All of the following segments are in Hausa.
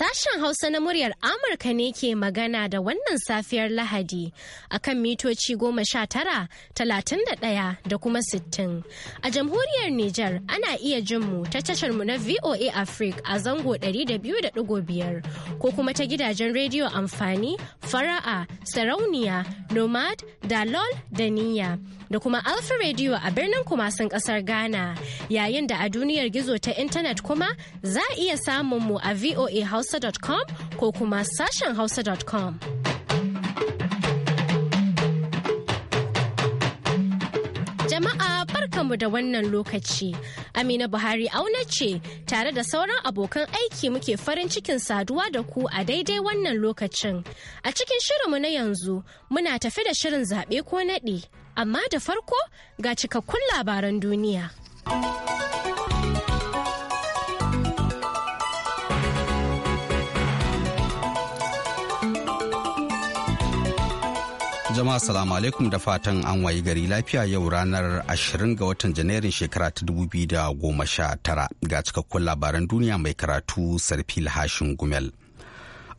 Sashen Hausa na muryar Amurka ne ke magana da wannan safiyar Lahadi a kan mitoci goma sha tara, talatin da ɗaya da kuma sittin. A jamhuriyar Nijar ana iya jin mu ta tashar mu na VOA Africa a zango ɗari da biyu da digo biyar ko kuma ta gidajen rediyo amfani, fara'a, sarauniya, nomad, dalol da niyya. Da kuma Alfa Radio a birnin kumasin ƙasar Ghana yayin da a duniyar gizo ta intanet kuma za a iya samun mu a VOA Hausa hausa.com ko kuma sashen hausa.com. Jama'a barkamu da wannan lokaci. Amina Buhari auna ce tare da sauran abokan aiki muke farin cikin saduwa da ku a daidai wannan lokacin. A cikin shirinmu na yanzu muna tafi da shirin zaɓe ko naɗi, amma da farko ga cikakkun labaran duniya. Jama'a salamu alaikum da fatan an wayi gari lafiya yau ranar 20 ga watan Janairun shekara ta 2019 ga cikakkun labaran duniya mai karatu Sarfil Hashin Gumel.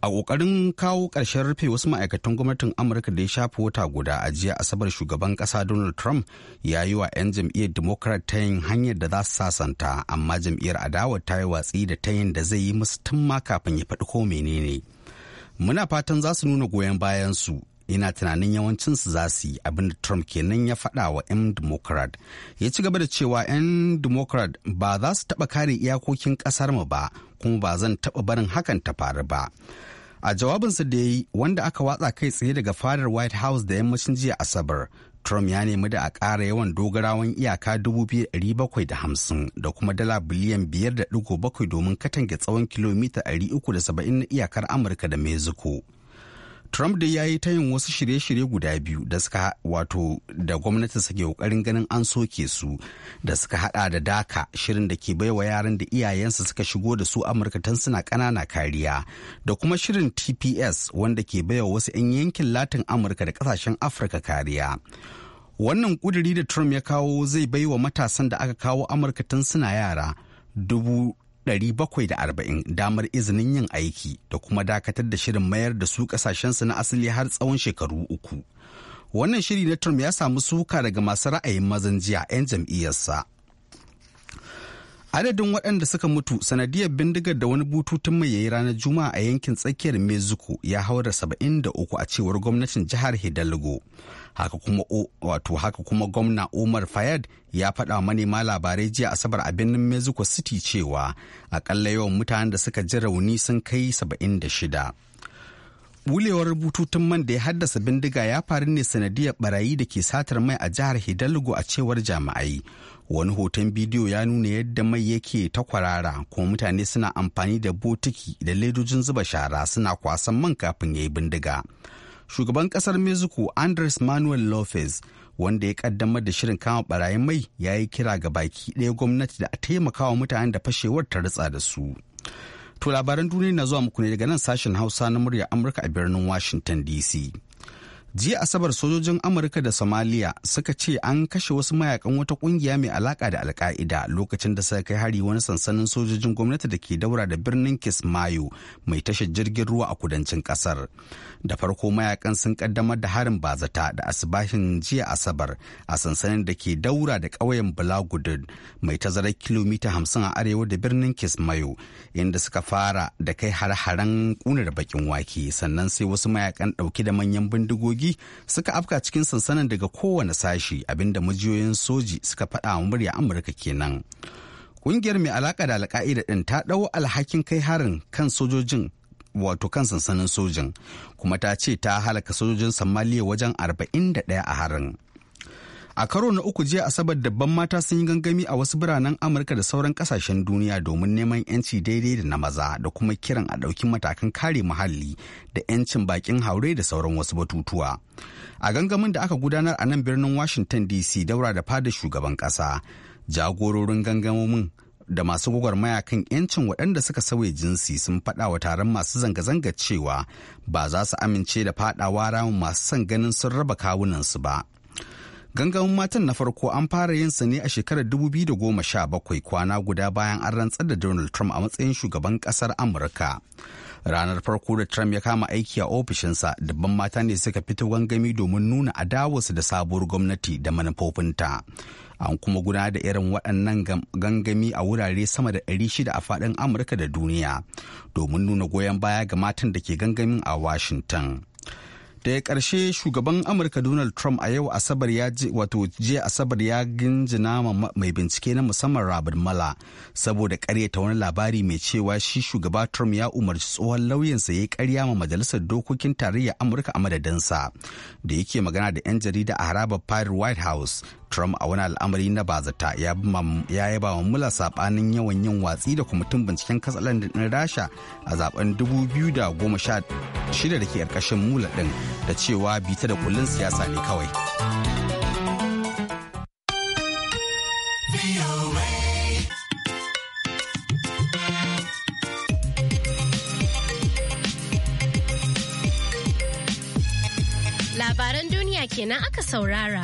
a ƙoƙarin kawo ƙarshen rufe wasu ma'aikatan gwamnatin amurka da ya shafi wata guda a jiya asabar shugaban ƙasa donald trump ya yi wa 'yan jam'iyyar democrat ta yin hanyar da za su sasanta amma jam'iyyar adawa ta yi watsi da ta yin da zai yi musu tun ma kafin ya faɗi ko menene muna fatan za su nuna goyon bayan su yana tunanin yawancinsu za su yi abin da trump kenan ya faɗa wa 'yan democrat ya ci gaba da cewa 'yan democrat ba za su taɓa kare iyakokin ƙasar mu ba kuma ba zan taɓa barin hakan ta faru ba a jawabinsa da ya yi wanda aka watsa kai tsaye daga fadar white house da yammacin jiya asabar Trump ya nemi da a ƙara yawan dogarawan iyaka 2,750 da da hamsin kuma dala biliyan biyar da 5.7 domin katange tsawon kilomita da saba'in na iyakar Amurka da Mexico. Trump da ya yi ta yin wasu shirye-shirye guda biyu da suka wato da gwamnati suke kokarin ganin an soke su da suka hada da daka shirin da ke baiwa yaran da iyayensu suka shigo da su Amurka tun suna kanana kariya da kuma shirin TPS wanda ke baiwa wasu 'yan yankin Latin Amurka da ƙasashen Afirka kariya. Wannan ƙudiri da Trump ya kawo zai baiwa matasan da aka kawo Amurka tun suna yara dubu 740 damar izinin yin aiki da kuma dakatar da shirin mayar da su kasashensu na asali har tsawon shekaru uku. Wannan shiri na Trump ya samu suka daga masu ra'ayin mazan jiya 'yan jam'iyyarsa. Adadin waɗanda suka mutu sanadiyar bindigar da wani bututun mai yayi ranar Juma'a a yankin tsakiyar Mexico ya haura 73 a cewar gwamnatin jihar Hidalgo. haka kuma wato haka kuma gwamna Umar Fayad ya faɗa manema labarai jiya Asabar a birnin Mexico City cewa akalla yawan mutanen da suka ji rauni sun kai 76. Bulewar bututun man da ya haddasa bindiga ya faru ne sanadiyar barayi da ke satar mai a jihar Hidalgo a cewar jami'ai. Wani hoton bidiyo ya nuna yadda mai yake ta kwarara kuma mutane suna amfani da botiki da ledojin zuba shara suna kwasan man kafin ya yi bindiga. shugaban kasar mexico andres manuel lopez wanda ya kaddamar da shirin kama barayin mai ya yi kira ga baki ɗaya gwamnati da a taimaka wa mutanen da fashewar ta ritsa da su to labaran duniya na zuwa muku ne daga nan sashen hausa na murya amurka a birnin washington dc jiya asabar sojojin amurka da somaliya suka ce an kashe wasu mayakan wata kungiya mai alaka da alka'ida lokacin da suka kai hari wani sansanin sojojin gwamnati da ke daura da birnin kismayo mai tashar jirgin ruwa a kudancin kasar da farko mayakan sun kaddamar da harin bazata da asibahin jiya asabar a sansanin da ke daura da ƙauyen bulagudin mai tazarar kilomita hamsin a arewa da birnin kismayo inda suka fara da kai har-haren kunar bakin wake sannan sai wasu mayakan ɗauke da manyan bindigogi jirgi suka afka cikin sansanin daga kowane sashi abinda majiyoyin soji suka faɗa wa murya amurka kenan ƙungiyar mai alaƙa da alka'ida ɗin ta ɗau alhakin kai harin kan sojojin wato kan sansanin sojin kuma ta ce ta halaka sojojin somaliya wajen 41 a harin A karo na uku jiya Asabar dabban mata sun yi gangami a wasu biranen Amurka da sauran kasashen duniya domin neman 'yanci daidai da na maza da kuma kiran a ɗaukin matakan kare muhalli da 'yancin bakin haure da sauran wasu batutuwa. A gangamin da aka gudanar a nan birnin Washington DC daura da fada shugaban ƙasa, jagororin gangamomin da masu gwagwarmaya kan 'yancin waɗanda suka sauya jinsi sun faɗa wa taron masu zanga-zanga cewa ba za su amince da faɗawa ramin masu son ganin sun raba kawunansu ba. Gangamin matan na farko an fara yin sa ne a shekarar 2017 kwana guda bayan an rantsar da Donald Trump a matsayin shugaban kasar Amurka. Ranar farko da Trump ya kama aiki a ofishinsa, dabban mata ne suka fito gangami domin nuna adawarsu da sabuwar gwamnati da manufofinta. An kuma guna da irin waɗannan gangami a wurare sama da 600 a faɗin Amurka da duniya domin nuna goyon baya ga matan da ke gangamin a Washington. da ya ƙarshe shugaban amurka donald trump a yau asabar ya wato jiya asabar ya ginjina mai bincike na musamman robert mala saboda karyata wani labari mai cewa shi shugaba trump ya umarci tsohon lauyansa ya karya ma majalisar dokokin tarayyar amurka a madadinsa da yake magana da 'yan jarida a harabar fire white house Trump a wani al'amari na bazata ya yaba wa mula sabanin yawan yin watsi da kwamitin binciken katsalan ɗin Rasha a zaben 2016 da ke ƙarƙashin mula ɗin da cewa bita da kullun siyasa ne kawai. Labaran duniya kenan aka saurara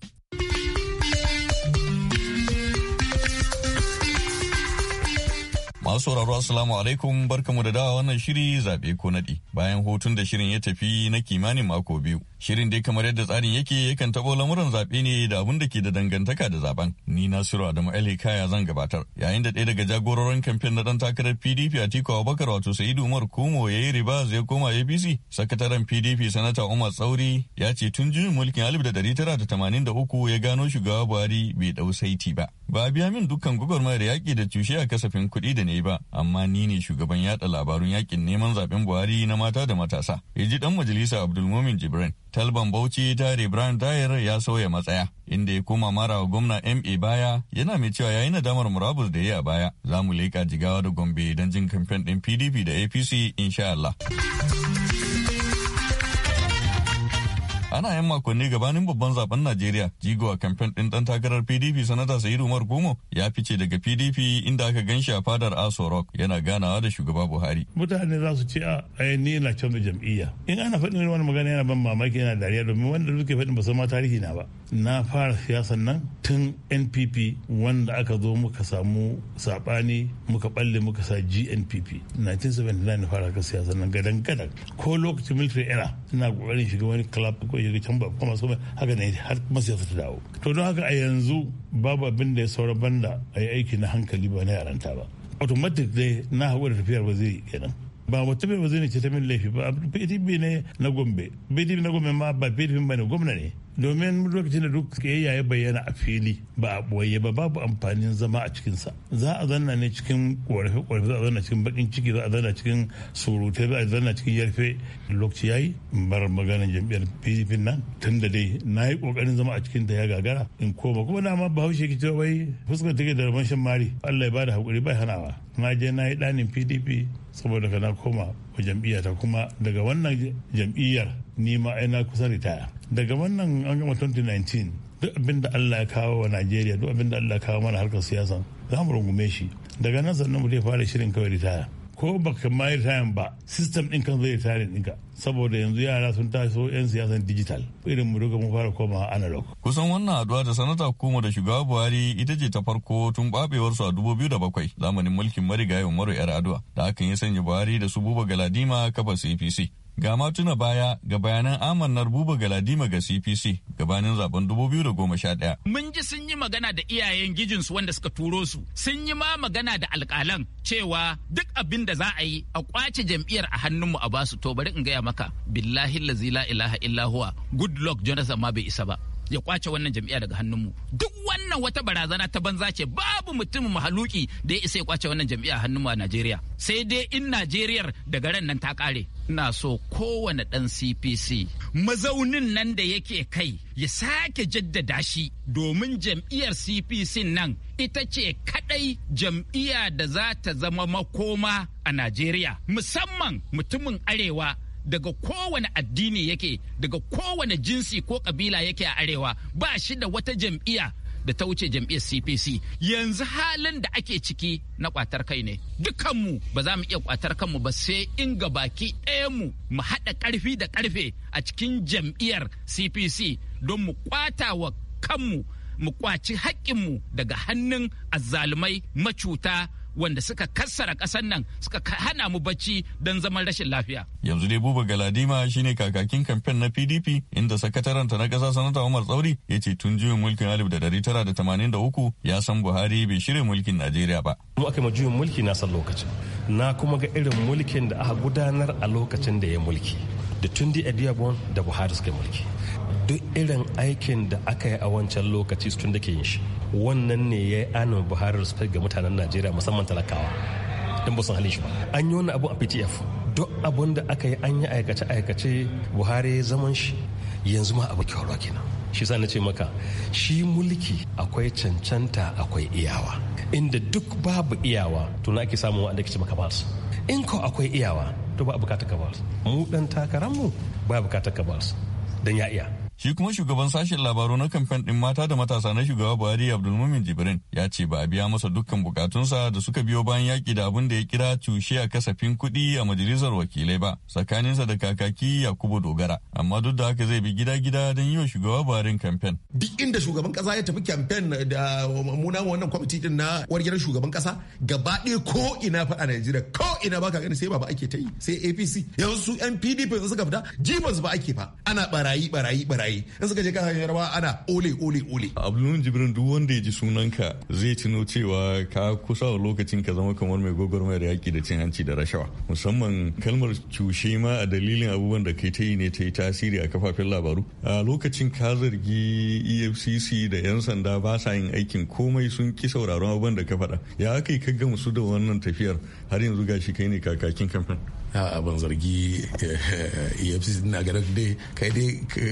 Masu sauraro Assalamu alaikum barkamu da dawa wannan shiri zaɓe ko naɗi bayan hutun da shirin ya tafi na kimanin mako biyu. Shirin dai kamar yadda tsarin yake yakan taɓo lamuran zaɓe ne da abun da ke da dangantaka da zaben. Ni Nasiru Adamu Ali Kaya zan gabatar. Yayin da ɗaya daga jagororin kamfen na ɗan takarar PDP a Tiko Abubakar wato Sa'idu Umar Kumo ya yi riba zai koma APC. Sakataren PDP Sanata Umar Tsauri ya ce tun juyin mulkin alif da ɗari tara da tamanin da uku ya gano shugaba Buhari bai ɗau saiti ba. Ba a biya min dukkan da yaƙi da cushe a kasafin kuɗi da ne ba amma ni ne shugaban yada labarun yakin neman zaben buhari na mata da matasa ya ji dan majalisa abdulmumin jibrin talban bauchi tare brian dyer ya sauya matsaya inda ya koma mara wa gwamna ma baya yana mai cewa yayi nadamar murabus da ya a baya za mu leƙa jigawa da gombe don jin kamfen din pdp da apc insha allah ana yan makonni gabanin babban zaben najeriya jigo a kamfen ɗin ɗan takarar pdp sanata sayidu umar gomo ya fice daga pdp inda aka gan shi a fadar aso rock yana ganawa da shugaba buhari mutane za su ce a ni na canza jam'iyya in ana faɗin wani magana yana ban mamaki yana dariya domin wanda suke faɗin ba su ma tarihi na ba na fara siyasan nan tun npp wanda aka zo muka samu saɓani muka balle muka sa gnpp 1979 na fara ka siyasan nan gadan gadan ko lokacin military era ina ƙoƙarin shiga wani club ko ya can ba kuma so haka ne har masu yasa ta dawo to don haka a yanzu babu abin da ya saura banda a yi aiki na hankali ba na yaranta ba automatic dai na hawa da tafiyar ba zai kenan ba mutum ba zai ne ce ta min laifi ba pdp ne na gombe pdp na gombe ma ba pdp ba ne gwamna ne domin lokacin da duk kiyayya ya bayyana a fili ba a boye ba babu amfanin zama a cikinsa za a zanna ne cikin korafe-korafe za a zanna cikin bakin ciki za a zanna cikin surutai za a zanna cikin yarfe lokaci yayi in bar maganar jam'iyyar pdp nan tun da dai na yi kokarin zama a cikin ta ya gagara in koma kuma dama haushe ki cewa wai fuskar take da rabon shan mari allah ya bada hakuri bai hanawa na je na yi ɗanin pdp saboda ka koma jam'iyya ta kuma daga wannan jam'iyyar ni ma aina kusa ritaya daga wannan an gama 2019 duk abin Allah ya kawo wa Najeriya duk abin da Allah ya kawo mana harkar siyasa za mu rungume shi daga nan sannan mu zai fara shirin kawai ritaya ko baka mai yi tayan ba system din kan zai tare dinka saboda yanzu yara sun taso 'yan siyasan digital irin mu duka mu fara koma analog. Kusan wannan haduwa da sanata kuma da shugaba Buhari ita ce ta farko tun babewar su a 2007 zamanin mulkin marigayi Umaru aduwa da hakan ya sanya Buhari da su Buba Galadima kafa CPC Ga ma tuna baya ga bayanan amannar buba galadima ga CPC gabanin zaben 2011. Mun ji sun yi magana da iyayen gijinsu wanda suka turo su, sun yi ma magana da alƙalan cewa duk abin da za a yi a kwace jam'iyyar a hannunmu a basu to bari in gaya maka billahi la ilaha illa good luck Jonathan ma bai isa ba. ya kwace wannan jam'iyya daga hannunmu duk wannan wata barazana ta banza ce babu mutum mahaluki da ya isa ya kwace wannan jam'iyya hannunmu a Najeriya sai dai in Najeriyar daga ran nan ta kare ina so kowane dan CPC mazaunin nan da yake kai ya sake jaddada shi domin jam'iyyar CPC nan ita ce kadai jam'iyya da za ta zama makoma a Najeriya musamman mutumin arewa daga kowane addini yake daga kowane jinsi ko kabila yake a arewa ba shi da wata jam'iyya da ta wuce jam'iyyar cpc yanzu halin da ake ciki na kwatar kai ne dukanmu ba za mu iya kwatar kanmu ba sai in ga baki mu mu haɗa ƙarfi da ƙarfe a cikin jam'iyyar cpc don mu kwata wa kanmu mu kwaci haƙƙinmu daga hannun azzalumai macuta wanda suka kassara kasar nan suka hana mu bacci don zaman rashin lafiya. Yanzu dai Buba Galadima shine kakakin kamfen na PDP inda sakataranta na kasa sanata Umar Tsauri ya ce tun juyin mulkin 1983 ya san Buhari bai shirya mulkin Najeriya ba. Duk aka juyin mulki na san lokacin. Na kuma ga irin mulkin da aka gudanar a lokacin da ya mulki. Da tun da Buhari suka mulki. duk irin aikin da aka yi a wancan lokaci tun da ke yin shi wannan ne ya yi anan buhari respect ga mutanen najeriya musamman talakawa in ba sun halin shi ba an yi wani abu a ptf duk abun da aka yi an yi aikace aikace buhari zaman shi yanzu ma abu kyau kenan shi sa na ce maka shi mulki akwai cancanta akwai iyawa inda duk babu iyawa to na ake samun wanda ke maka ba su in ko akwai iyawa to ba bukata ka ba su mu dan takaran mu ba bukata ka ba su dan ya iya Shi kuma shugaban sashen labaru na kamfen ɗin mata da matasa na shugaba Buhari Abdulmumin Jibrin ya ce ba a biya masa dukkan bukatunsa da suka biyo bayan yaƙi da abin da ya kira cushe a kasafin kuɗi a majalisar wakilai ba tsakaninsa da kakaki Yakubu Dogara. Amma duk da haka zai bi gida-gida don yi wa shugaba Buhari kamfen. Duk inda shugaban kasa ya tafi kamfen da muna wannan kwamiti din na wargirar shugaban ƙasa gaba ɗaya ko ina faɗa Najeriya ko ina baka gani sai ba ake ta yi sai APC yanzu su 'yan PDP suka fita jibas ba ake fa ana barayi barayi barayi yi in suka je kasashen yarbawa ana ole ole ole abdulmumin jibrin duk wanda ya ji sunanka zai tuno cewa ka kusa lokacin ka zama kamar mai gwagwarmayar yaki da cin hanci da rashawa musamman kalmar cushe ma a dalilin abubuwan da kai ta yi ne ta yi tasiri a kafafen labaru a lokacin ka zargi efcc da 'yan sanda ba sa yin aikin komai sun ki sauraron abubuwan da ka faɗa ya kai ka gamsu da wannan tafiyar har yanzu gashi kai ne kakakin kamfan a ban zargi efcc eh, e na ganin dai kai dai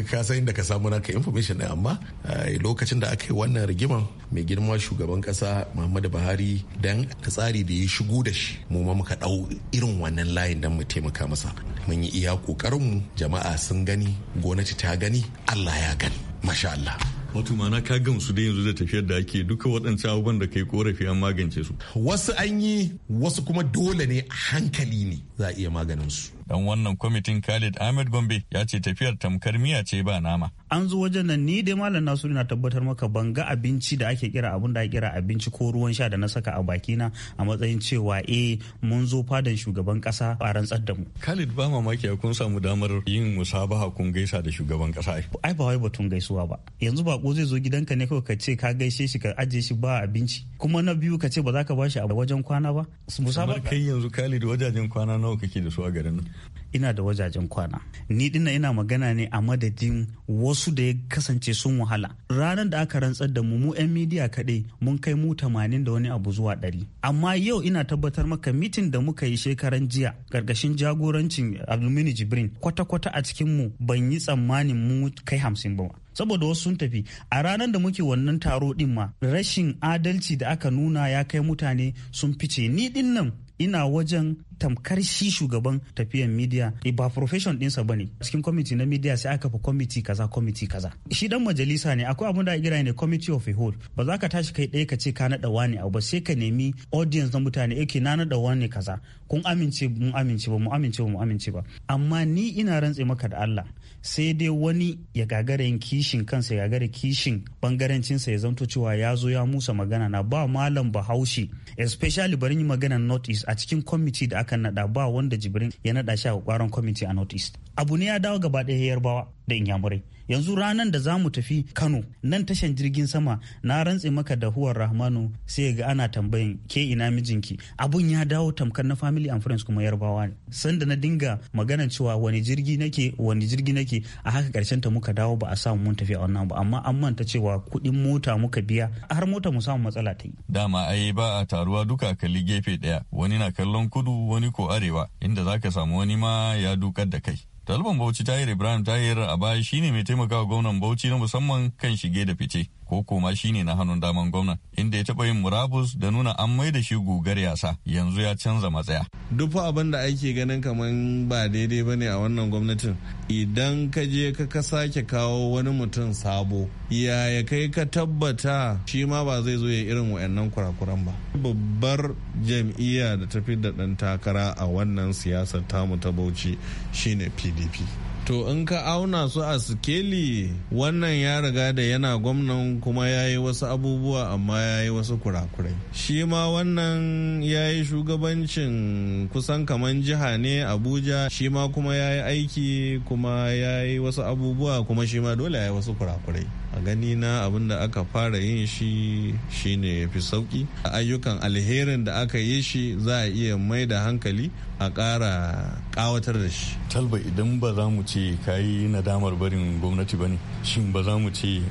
ka san inda ka samu naka information din amma eh, lokacin da aka yi wannan rigiman mai girma shugaban kasa muhammadu buhari dan tsari da ya shigo da shi mu ma muka ɗau irin wannan layin dan mu taimaka masa mun yi iya kokarin mu jama'a sun gani gwamnati ta gani allah ya gani masha allah wato ma'ana ka gamsu da yanzu da tafiyar da ake duka waɗancan abubuwan da kai korafi an magance su wasu an yi wasu kuma dole ne a hankali ne za a iya maganin su Dan wannan kwamitin Khalid Ahmed Gombe ya ce tafiyar tamkar miya ce ba nama. An zo wajen nan ni dai malam Nasiru na tabbatar maka ban ga abinci da ake kira abun da ake kira abinci ko ruwan sha da na saka a bakina a matsayin cewa eh mun zo fadan shugaban kasa a rantsar da mu. Khalid ba mamaki kun samu damar yin musabaha kun gaisa da shugaban kasa. Ai ba wai batun gaisuwa ba. Yanzu bako zai zo gidanka ne kawai ka ce ka gaishe shi ka ajiye shi ba abinci. Kuma na biyu ka ce ba za ka bashi a wajen kwana ba. Musabaha kai yanzu Khalid wajajen kwana nawa kake da su a garin nan? ina da wajajen kwana ni dina ina magana ne a madadin wasu da ya kasance sun wahala ranar da aka rantsar da mu mu 'yan midiya kaɗai mun kai mu tamanin da wani abu zuwa ɗari amma yau ina tabbatar maka mitin da muka yi shekaran jiya gargashin jagorancin abdulmini jibrin kwata-kwata a cikin mu ban yi tsammanin mu kai hamsin ba saboda wasu sun tafi a ranar da muke wannan taro din ma rashin adalci da aka nuna ya kai mutane sun fice ni din nan ina wajen tamkar shi shugaban tafiyan midiya. Eh, ba profession dinsa bane cikin kwamiti na media sai aka fi kwamiti kaza kwamiti kaza shi dan majalisa ne akwai abin da kira ne committee of a whole ba za ka tashi kai ɗaya ka ce ka naɗa wani abu ba sai ka nemi audience na mutane yake na naɗa wani kaza kun amince mun amince ba mu amince ba mu amince ba amma ni ina rantse maka da Allah sai dai wani ya gagara yin kishin kansa ya gagara kishin bangarancinsa ya zanto cewa ya zo ya musa magana na ba malam bahaushe especially bari yi magana north east a cikin kwamiti da aka nada ba wanda jibrin ya nada shi a kwaron kwamiti a north east abu ne ya dawo gaba ɗaya yarbawa da inyamurai yanzu ranar da za mu tafi kano nan tashan jirgin sama na rantse maka da huwar rahmanu sai ga ana tambayin ke ina mijinki abun ya dawo tamkar na family and friends kuma yarbawa ne sanda na dinga magana cewa wani jirgi nake wani jirgi nake a haka karshen ta muka dawo ba a samu mun tafi a wannan ba amma an manta cewa kuɗin mota muka biya har mota mu samu matsala ta yi dama ai ba a taruwa duka kalli gefe daya wani na kallon kudu wani ko arewa inda zaka samu wani ma ya dukar da kai Talibin Bauchi Tahir Ibrahim Tahir a baya shine mai taimakawa gwamnan Bauchi na musamman kan shige da fice. ko koma shine na hannun daman gwamna inda ya taɓa yin murabus da nuna an mai da shi gogar yasa yanzu ya canza matsaya. Duk abin da ake ganin kamar ba daidai bane a wannan gwamnatin idan ka je ka sake kawo wani mutum sabo yaya kai ka tabbata shi ma ba zai zo ya irin wa'annan kurakuran ba. Babbar jam'iyya da tafi da ɗan takara a wannan siyasar tamu ta Bauchi shine PDP. to in ka auna su a sikeli wannan ya riga da yana gwamnan kuma ya yi wasu abubuwa amma ya yi wasu kurakurai shi ma wannan ya yi shugabancin kusan kaman jiha ne abuja shi ma kuma ya yi aiki kuma ya yi wasu abubuwa kuma shi ma dole ya yi wasu kurakurai a gani na abin da aka fara yin shi shine fi sauki ayyukan alherin da aka yi shi za a iya mai da hankali a ƙara kawatar da shi talba idan ba za mu ce kayi nadamar barin gwamnati ba ne shin ba za mu ce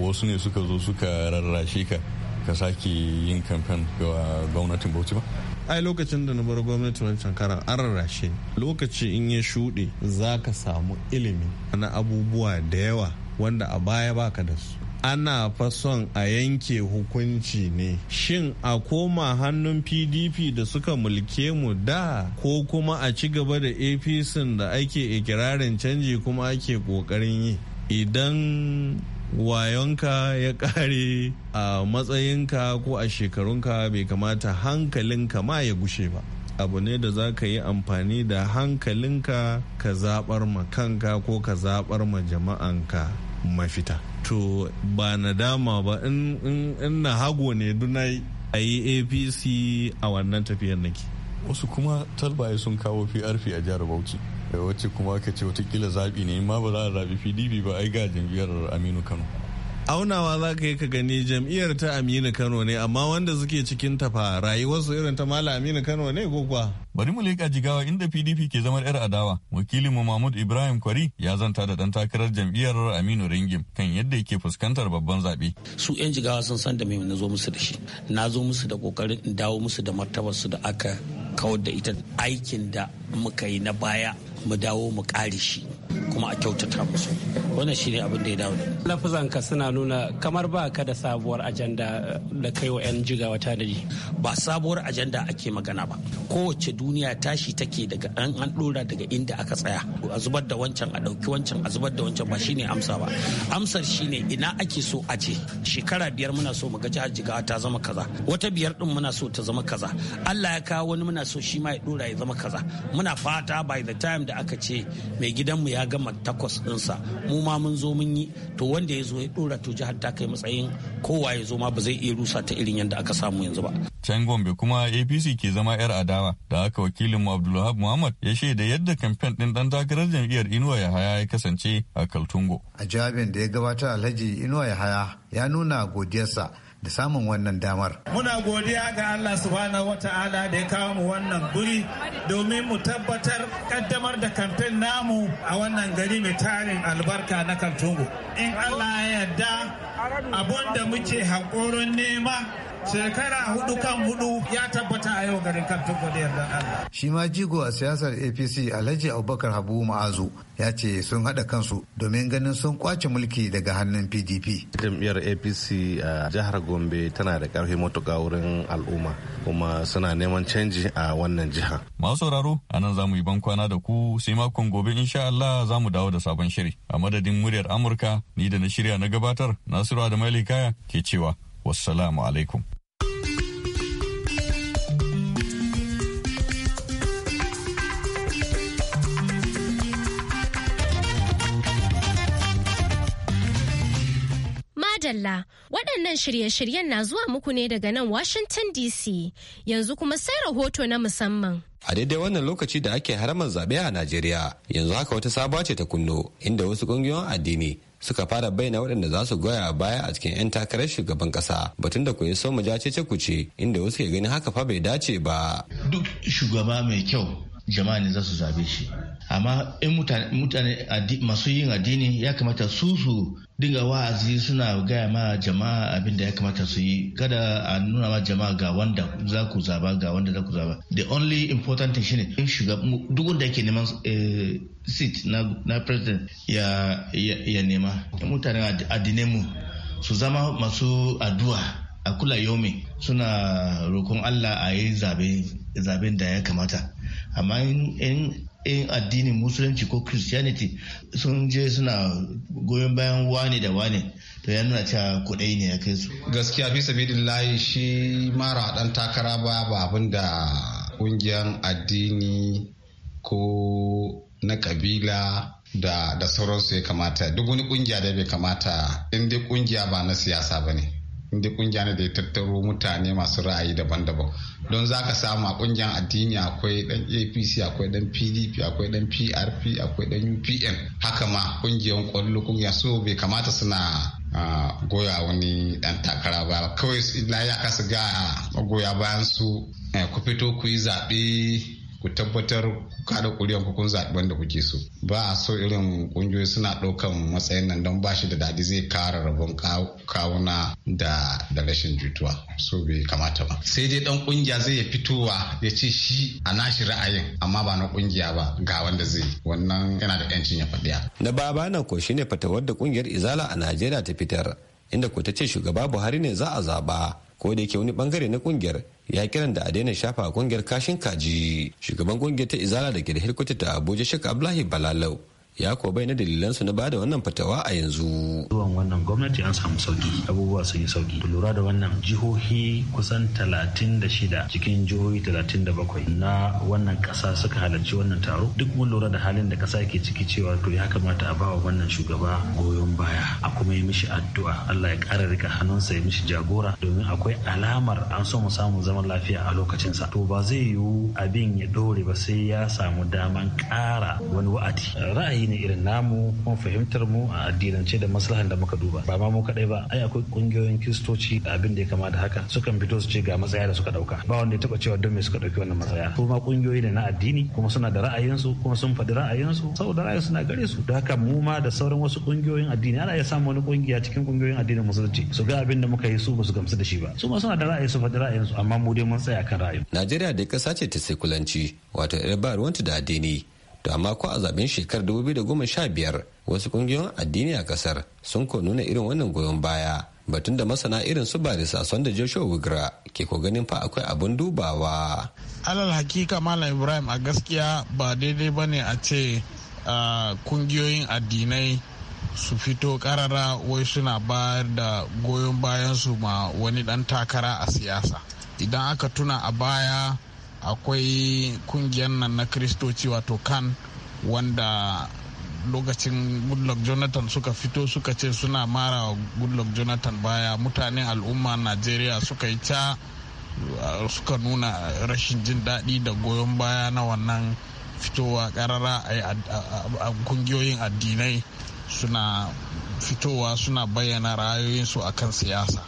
wasu ne suka zo suka rarrashe ka ka sake yin kamfen ga gwamnatin bauchi ba ai lokacin da na bar gwamnati wancan karan an rarrashe lokaci in ya shuɗe za ka samu ilimi na abubuwa da yawa wanda a baya baka da su ana fa son a yanke hukunci ne shin a koma hannun pdp da suka mulke mu da ko kuma a ci gaba da apc da ake ikirarin canji kuma ake kokarin yi idan wayonka ya kare a matsayinka ko a shekarunka bai kamata hankalinka ma ya gushe ba abu ne da za ka yi amfani da hankalinka ka zaɓar ma kanka ko ka zaɓar ma jama'anka mafita to ba nadama ba in na hago ne dunai a yi apc a wannan tafiyar nake wasu kuma talbaye sun kawo prp a jihar bauchi eh, wacce kuma ka ce watakila zaɓi ne ma ba za a zaɓi pdp ba ai ga jam'iyyar aminu kano aunawa za ka yi ka gani jam'iyyar ta aminu kano ne amma wanda suke cikin tafa rayuwarsu irin ta mala aminu kano ne ko kuwa Bari mu leƙa jigawa inda PDP ke zama 'yar adawa. Wakilin mu Mahmud Ibrahim Kwari ya zanta da dan takarar jam'iyyar Aminu Ringim kan yadda yake fuskantar babban zaɓe. Su 'yan jigawa sun san da me na zo musu da shi. Na zo musu da kokarin in dawo musu da martabar su da aka kawar da ita aikin da muka yi na baya mu dawo mu ƙare shi kuma a kyautata musu wannan shine abin da ya dawo lafazan ka suna nuna kamar ba ka da sabuwar ajanda eh, da kai wa 'yan jiga wata da ba sabuwar ajanda ake magana ba kowace duniya tashi take daga an an dora daga inda aka tsaya a zubar da wancan a dauki wancan a zubar da wancan ba shine amsa ba amsar shine ina ake so a ce shekara biyar muna so mu ga jihar jigawa ta zama kaza wata biyar din muna so ta zama kaza Allah ya kawo wani muna so shi ma ya dora ya zama kaza muna fata by the time da aka ce mai gidanmu ya gama takwas ɗinsa mu ma mun zo mun yi to wanda ya zo ya ɗora to jihar ta kai matsayin kowa ya zo ma ba zai iya rusa ta irin yadda aka samu yanzu ba. can gombe kuma apc ke zama yar adawa da haka wakilin mu abdulwahab muhammad ya shaida yadda kamfen ɗin ɗan takarar jam'iyyar inuwa ya haya ya kasance a kaltungo. a jawabin da ya gabata alhaji inuwa ya haya ya nuna godiyarsa da samun wannan damar. Muna godiya ga Allah subhanahu ta'ala da ya kawo mu wannan guri domin mu tabbatar kaddamar da kamfen namu a wannan gari mai tarin albarka na Kaltungo. In Allah ya yarda abun da muke haƙorin nema shekara hudu kan hudu ya tabbata a yau garin kan tuko da Allah. Shi ma jigo a siyasar APC Alhaji Abubakar Habu Ma'azu ya ce sun haɗa kansu domin ganin sun kwace mulki daga hannun PDP. Jam'iyyar APC a jihar Gombe tana da ƙarfi matuƙa wurin al'umma kuma suna neman canji a wannan jiha. Masu sauraro a nan za mu yi kwana da ku sai makon gobe insha Allah za mu dawo da sabon shiri. A madadin muryar Amurka ni da na shirya na gabatar Nasiru da Kaya ke cewa wassalamu alaikum. Madalla, waɗannan shirye-shiryen na zuwa muku ne daga nan Washington DC, yanzu kuma sai rahoto na musamman. a daidai wannan lokaci da ake haramar zaɓe a najeriya yanzu haka wata sabuwa ce ta kunno inda wasu ƙungiyoyin addini suka fara bayyana waɗanda za su goya baya a cikin 'yan takarar shugaban ƙasa batun da kuyi so mu ja ce kuce inda wasu ke ganin haka fa bai dace ba duk shugaba mai kyau jama'a ne za su zabe shi amma in mutane masu yin addini ya kamata su su dinga wa'azi suna gaya ma jama'a abin da ya kamata su yi kada a nuna ma jama'a ga wanda za ku zaba ga wanda za ku zaba the only important thing shine in shiga duk wanda yake neman eh, seat na president ya nema mutane mutanen mu su zama masu addu'a a kula yomi suna roƙon allah a yi zabe zaben da ya kamata amma in in addinin musulunci ko christianity sun je suna goyon bayan wane da wane to ya nuna cewa kuɗai ne ya kai su gaskiya fi sabidillahi shi mara dan takara ba ba abin da ƙungiyar addini ko na kabila da sauransu ya kamata duk wani kungiya da bai kamata in dai kungiya ba na siyasa ba ne inda kungiya ne da ya tattaro mutane masu ra'ayi daban-daban don za ka samu a kungiyar addini akwai dan apc akwai dan pdp akwai dan prp akwai dan upn haka ma kungiyar kwallo kungiyar so bai kamata suna goya wani dan takara ba kawai ila ya kasu ga goya bayan su eh, ku fito ku yi zaɓe ku tabbatar kada kuriyan ku kun zaɓi wanda kuke so ba a so irin ƙungiyoyi suna ɗaukan matsayin nan don ba shi da daɗi zai kara rabon kawuna da da rashin jituwa so bai kamata ba sai dai ɗan ƙungiya zai fitowa ya ce shi a nashi ra'ayin amma ba na kungiya ba ga wanda zai wannan yana da yancin ya faɗi na baba na ko shine fatawar da kungiyar izala a Najeriya ta fitar inda ko ta ce shugaba Buhari ne za a zaba ko da yake wani bangare na ƙungiyar. ya kiran da a daina shafa kungiyar kashin kaji shugaban kungiyar ta izala da ke da hirkwata ta abuja shek abdullahi balalau ya ko bai na dalilansu na bada wannan fatawa a yanzu. Zuwan wannan gwamnati an samu sauki abubuwa sun yi sauki. Lura da wannan jihohi kusan 36 cikin jihohi 37 na wannan kasa suka halarci wannan taro duk mun lura da halin da kasa ke ciki cewa to ya kamata a bawa wannan shugaba goyon baya a kuma ya mishi addu'a Allah ya ƙara rika hannunsa ya mishi jagora domin akwai alamar an so mu samu zaman lafiya a lokacinsa to ba zai yiwu abin ya ɗore ba sai ya samu daman ƙara wani wa'adi ra'ayi addini irin namu kuma fahimtar mu a addinance da maslahan da muka duba ba ma mu kadai ba ai akwai kungiyoyin kristoci abin da ya kama da haka sukan fito su ce ga matsaya da suka dauka ba wanda ya taba cewa don me suka dauki wannan matsaya Kuma ma kungiyoyi ne na addini kuma suna da ra'ayinsu kuma sun faɗi ra'ayinsu saboda ra'ayin suna gare su da haka mu ma da sauran wasu kungiyoyin addini ana iya samun wani kungiya cikin kungiyoyin addinin musulunci su ga abin da muka yi su ba su gamsu da shi ba su ma suna da ra'ayi su faɗi ra'ayinsu amma mu dai mun tsaya kan ra'ayin Najeriya da kasa ce ta sekulanci wato ba ruwanta da addini to amma ko a zaben shekarar 2015 wasu kungiyoyin addini a kasar sun ko nuna irin wannan goyon baya batun da masana irin su barisa son da joshua wigra ke ko ganin fa akwai abun dubawa alal hakika malam ibrahim a gaskiya ba daidai ba ne a ce kungiyoyin addinai su fito karara wai suna bayar da goyon bayansu ma wani dan takara a siyasa idan aka tuna a baya akwai kungiyar nan na kristoci wato kan wanda lokacin goodluck jonathan suka fito suka ce suna mara goodluck jonathan baya mutanen al'umma najeriya suka yi ta suka nuna rashin jin daɗi da goyon baya na wannan fitowa karara a kungiyoyin addinai suna fitowa suna bayyana ra'ayoyinsu a kan siyasa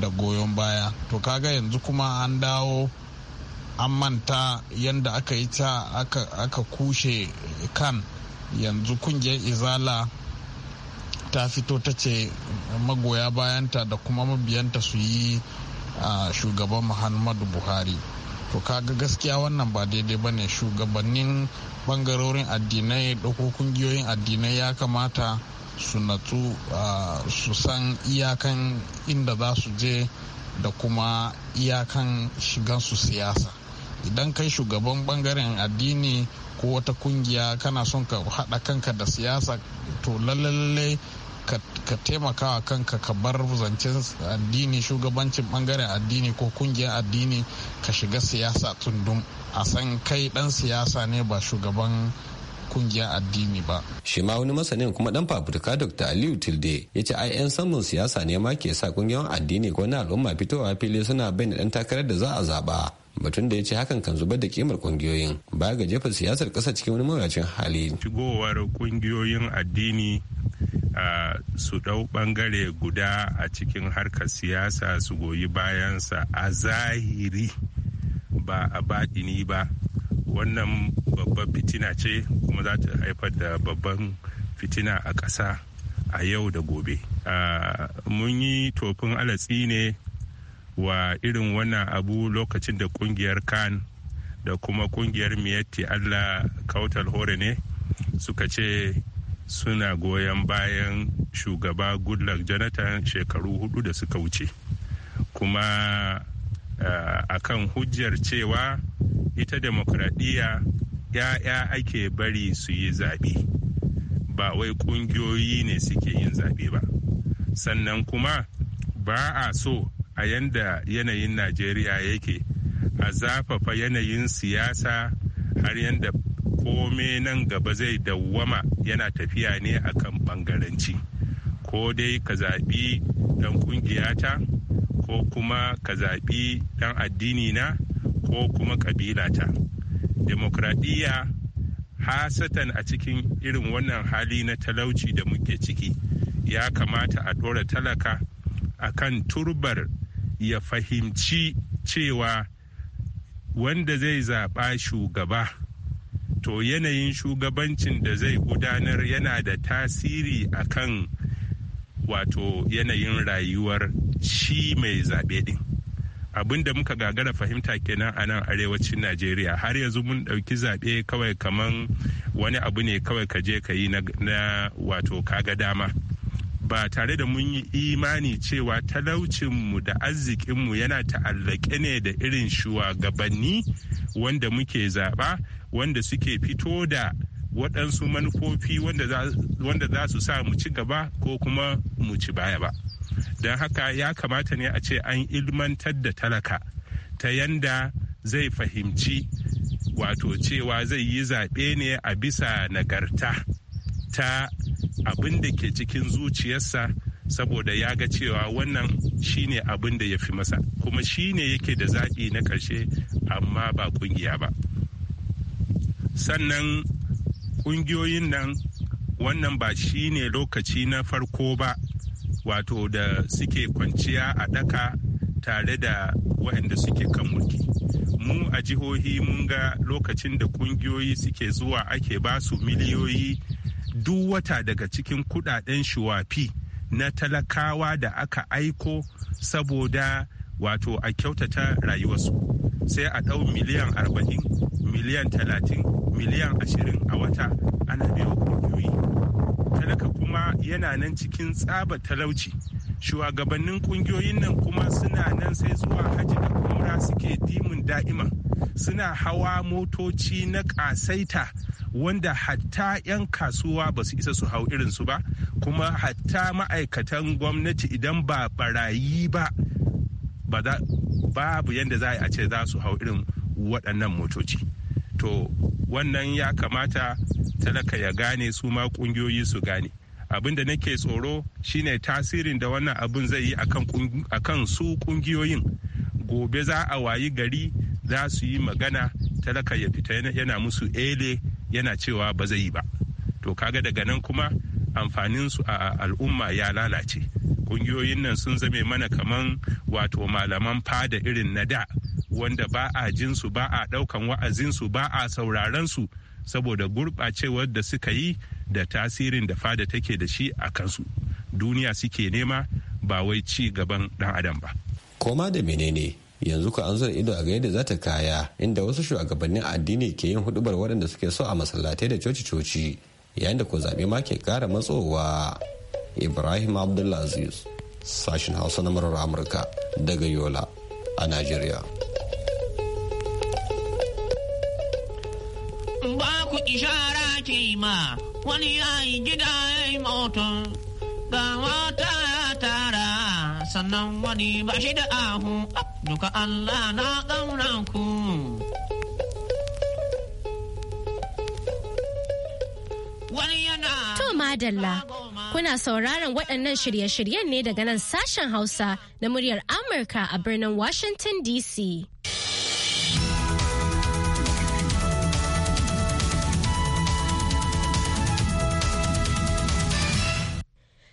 da goyon baya to kaga yanzu kuma an dawo an manta yadda aka yi ta aka, kushe kan yanzu kungiyar izala ta fito ta ce magoya bayanta da kuma mabiyanta su yi shugaban muhammadu buhari to kaga gaskiya wannan ba daidai ba ne shugabannin bangarorin addinai da kungiyoyin addinai ya kamata su natsu su san iyakan inda za su je da kuma iyakan shigansu siyasa idan kai shugaban bangaren addini ko wata kungiya kana son ka hada kanka da siyasa to lalle ka taimaka wa kanka ka bar zancen addini shugabancin bangaren addini ko kungiyar addini ka shiga siyasa tundum a san kai dan siyasa ne ba shugaban kungiyar addini ba. Shi ma wani masanin kuma dan fafutuka Dr. Aliyu Tilde ya ce ai 'yan samun siyasa ne ma ke sa kungiyar addini ko na al'umma fitowa fili suna bayyana dan takarar da za a zaba. batun da ya ce hakan kan zubar da kimar kungiyoyin ba ga jefa siyasar ƙasa cikin wani mawuyacin hali. Shigowar kungiyoyin addini su ɗau ɓangare guda a cikin harkar siyasa su goyi bayansa a zahiri ba a baɗini ba wannan babbar fitina ce kuma za ta haifar da babban fitina a ƙasa a yau da gobe mun yi tofin alatsi ne wa irin wannan abu lokacin da kungiyar kan da kuma kungiyar miyatti allah kautal hore ne suka ce suna goyon bayan shugaba goodluck jonathan shekaru hudu da suka wuce kuma a kan hujjar cewa ita demokradiyya ya'ya ake bari su yi zaɓe ba wai ƙungiyoyi ne suke yin zaɓe ba sannan kuma ba a so a yanda yanayin najeriya yake a zafafa yanayin siyasa har yanda kome nan gaba zai dawwama yana tafiya ne akan ɓangarenci ko dai ka zaɓi ɗan ƙungiyata ko kuma ka zaɓi ɗan addini na ko kuma ƙabilata demokradiyya hasatan a cikin irin wannan hali na talauci da muke ciki ya kamata a ɗora talaka a kan turbar ya fahimci cewa wanda zai zaɓa shugaba to yanayin shugabancin da zai gudanar yana da tasiri a kan wato yanayin rayuwar shi mai zaɓe ɗin abin da muka gagara fahimta kenan a nan arewacin najeriya har yanzu mun ɗauki zaɓe kawai kaman wani abu ne kawai ka je ka yi na wato kaga dama ba tare da mun yi imani cewa talaucinmu da arzikinmu yana ta'allaƙe ne da irin shugabanni wanda muke zaɓa wanda suke fito da waɗansu manufofi wanda za su sa mu ci gaba ko kuma mu ci baya ba. don haka ya kamata ne a ce an ilmantar da talaka ta yanda zai fahimci wato cewa zai yi zaɓe ne a bisa nagarta ta abin da ke cikin zuciyarsa saboda ya ga cewa wannan shine abin da ya fi masa kuma shine yake da zaɓi na ƙarshe amma ba ƙungiya ba sannan ƙungiyoyin nan wannan ba shine lokaci na farko ba wato da suke kwanciya a daka tare da waɗanda suke kan mulki mu a jihohi mun ga lokacin da kungiyoyi suke zuwa ake basu miliyoyi duk wata daga cikin kudaden shuwafi na talakawa da aka aiko saboda wato a kyautata rayuwarsu sai a ɗau miliyan arba'in miliyan talatin miliyan ashirin a wata ana biyo kungiyoyi talaka kuma yana nan cikin tsaba talauci shugabannin kungiyoyin nan kuma suna nan sai zuwa hajji da umra suke dimin da'ima suna hawa motoci na kasaita wanda hatta 'yan kasuwa ba su isa su hau irinsu ba kuma hatta ma'aikatan gwamnati idan ba barayi ba babu yadda za a ce za su hau irin waɗannan motoci. to wannan ya kamata talaka ya gane su ma kungiyoyi su gane abin da nake tsoro shine tasirin da wannan abin zai yi akan su kungiyoyin gobe za a wayi gari za su yi magana talaka ya fita yana musu ele yana cewa ba zai yi ba to kaga daga nan kuma amfaninsu a al'umma ya lalace kungiyoyin nan sun zame mana kaman wato malaman fada irin na da wanda ba a jin su ba a ɗaukan wa'azinsu su ba a sauraron su saboda gurɓacewar da suka yi da tasirin da fada take da shi a kansu duniya suke nema ba wai ci gaban ɗan adam ba koma da menene yanzu ka an zura ido a ga zata kaya inda wasu shugabannin addini ke yin hudubar waɗanda suke so a masallatai da coci-coci yayin da ko zaɓe ma ke ƙara matsowa ibrahim abdulaziz sashen hausa na murar amurka daga yola a najeriya ishara ce ma wani ya yi gida ya yi ga mata tara sannan wani ba shi da ahu duka Allah na ƙauna ku. To madalla kuna sauraron waɗannan shirye-shiryen ne daga nan sashen Hausa na muryar Amurka a birnin Washington DC.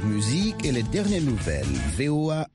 musique et les dernières nouvelles. VOA